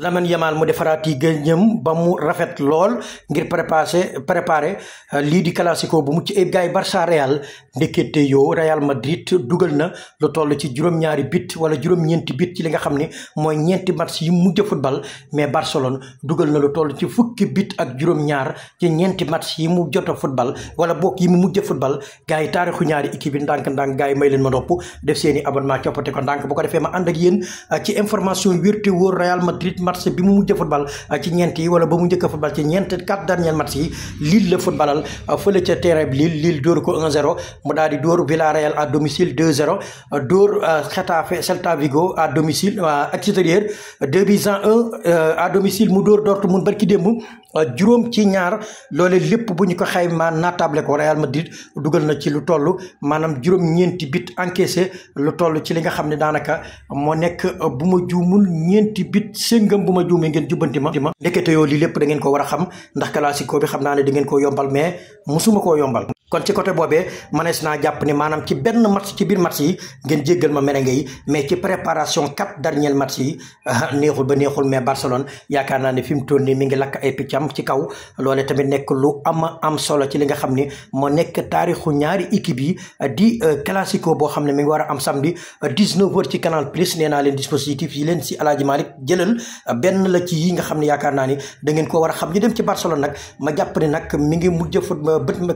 Lamine Yamal mu defaraati yi gëñëm ba mu rafet lool ngir préparer préparer euh, lii di classico bu mu ci gaay gars yi Barça Real ndekete yow Real Madrid dugal na lu toll ci juróom-ñaari bitt wala juróom-ñeenti bit ci li nga xam ne mooy ñeenti match yi mujj football mais Barcelone dugal na lu toll ci fukki bitt ak juróom-ñaar ci ñeenti match yi mu jot a football wala bokk yi mu mujj football gars yi taarixu ñaari équipe yi ndànk-ndànk may leen ma nopp def seen i abonnement coppate ko ko defee ma ànd yéen euh, information wérte wóor Real match bi mu mujj football uh, ci ñeent yi wala ba mu njëkk a football ci ñeent quatre derniers matchs yi Lille la footballal uh, fële ca terrain bi Lille Lille dóor ko 1-0 mu daal di dóor Villarreal à domicile 2-0 uh, dóor Getafe Celta Vigo à domicile extérieur 2 buts à 1 à domicile mu door dóor mun barki démb Euh, juróom ci ñaar loole lépp bu ñu ko xaymaa naatable ko ma di dugal na ci lu toll maanaam juróom-ñeenti bit encaissé lu toll ci li nga xam ne daanaka moo nekk euh, bu ma juumul ñeenti bit séngam bu ma juumee ngeen jubbanti ma. ndekete yoo lii lépp da ngeen ko war a xam ndax ko bi xam naa ne da ngeen koo yombal mais musuma koo yombal. kon ci côté boobee mënees naa jàpp ni maanaam ci benn match ci biir match yi ngeen jéggal ma merengue yi mais ci préparation quatre derniers match yi ah, neexul ba neexul mais Barcelone yaakaar naa ne fi mu toll nii mi ngi lakk ay piccam ci kaw loole tamit nekk lu ama am solo ci li nga xam ni moo nekk taarixu ñaari équipe yi di euh, classico boo xam ne mi ngi war a am samedi 19 ci nee naa leen dispositif yi leen si Aladji Malick jëlal benn la ci yi nga xam ne yaakaar naa ni da ngeen ko war a xam ñu dem ci Barcelone nag ma jàpp ni nag mi ngi mujj fut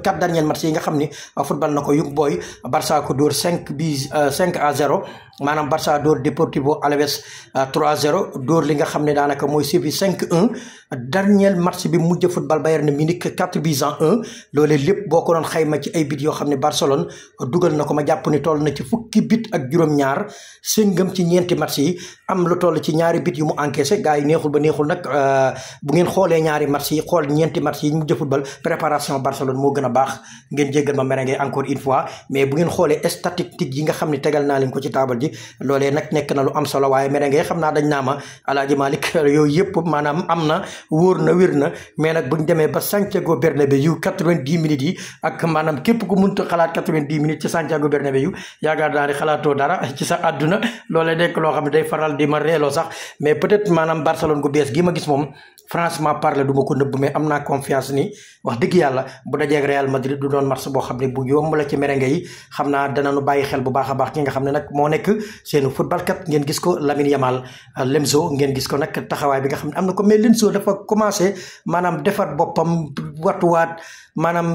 quatre derniers match yi nga xam ni football na ko Young booy Barça ko dóor 5 bi euh, cinq à 0 maanaam Barça dóor Deportivo Alaves 3-0 euh, dóor li nga xam ne daanaka mooy Séville cinq 1 dernier match bi mujj futbal Bayern na 4 buts à 1 loolee lépp boo ko doon xayma ci ay bit yoo xam ne Barcelone dugal na ko ma jàpp ni toll na ci fukki bit ak juróom-ñaar séngam ci ñeenti match yi am lu toll ci ñaari bit yu mu encaissé gars yi neexul ba neexul nag euh, bu ngeen xoolee ñaari match yi xool ñeenti match yi mujj football préparation moo a baax ngeen jéggal ma merengue yi nga xam ne tegal naa leen ko ci table ji loolee nag nekk na lu am solo waaye merengue xam naa dañ naa ma alaaji Malick yooyu yëpp maanaam am na wóor na wér na mais nag buñ demee ba Santiago Bernabéu yu quatre vingt ci Santiago Bernabéu yu yaakaar naa ne xalaatoo dara ci sa àdduna nekk loo xam ne faral di ma reeloo sax mais peut-être maanaam Barcelone gu bees ma gis moom franchement parler du ma ko nëbb mais am naa confiance ni wax dëgg yàlla bu dajeeg Real Madrid du doon match boo xam ne bu yomb la ci merengue yi xam a seenu football kat ngeen gis ko Lamine Yamal Lemzo ngeen gis ko nag taxawaay bi nga xam ne am na ko mais Lemzo dafa commencé maanaam defar boppam wattuwaat maanaam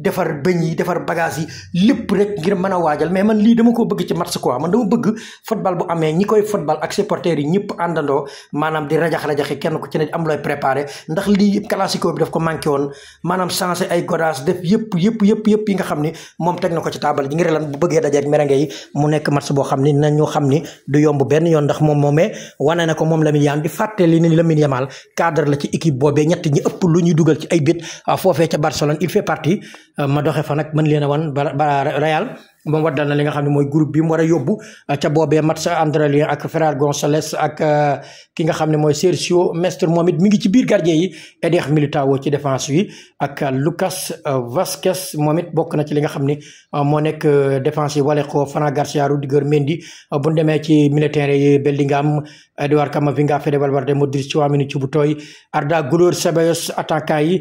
defar bëñ yi defar bagage yi lépp rek ngir man a waajal mais man lii dama ko bëgg ci match quoi man dama bëgg football bu amee ñi koy football ak supporters yi ñëpp àndandoo maanaam di rajax-rajaxi kenn ku ci ne am looy préparé ndax lii classico bi def ko manqué woon maanaam changé ay godage def yëpp yëpp yëpp yëpp yi nga xam ni moom teg na ko ci taabal ji ngir lan bu bëggee dajeek merengue yi mu nekk match boo xam ni nañu xam ni du yomb benn yoon ndax moom moomee wane na ko moom Lamine Yamal di fàtte li ni Lamine Yamal cadre la ci équipe boobee ñett ñi ëpp lu ñuy dugal ci ay bit foofee ca Barcelone il fait partie euh, ma doxe fa nag mën leen a wan ba Real moom waddal na li nga xam ne mooy groupe bi mu war a yóbbu uh, ca boobee match Andrelien ak Ferran Gonçalves ak uh, ki nga xam ne mooy Sergio Mestre moom it mi ngi ci biir gardien yi Eder Militão ci défense yi ak uh, Lucas Vázquez moom it bokk na ci li nga xam ni moo nekk défense yi wale ko Fran Garcia Rudiger Mendy bu ñu demee ci militaire yi Bellingham Eduardo Camavinga Fede Valverde Modric Tchouaméni Choupo-Moting Arda Güler Ceballos attaquant yi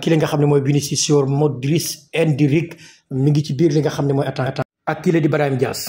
ki li nga xam ne mooy Vinicius Modric Endrick mi ngi ci biir li nga xam ne mooy attan attan ak kii la di Barahim Dias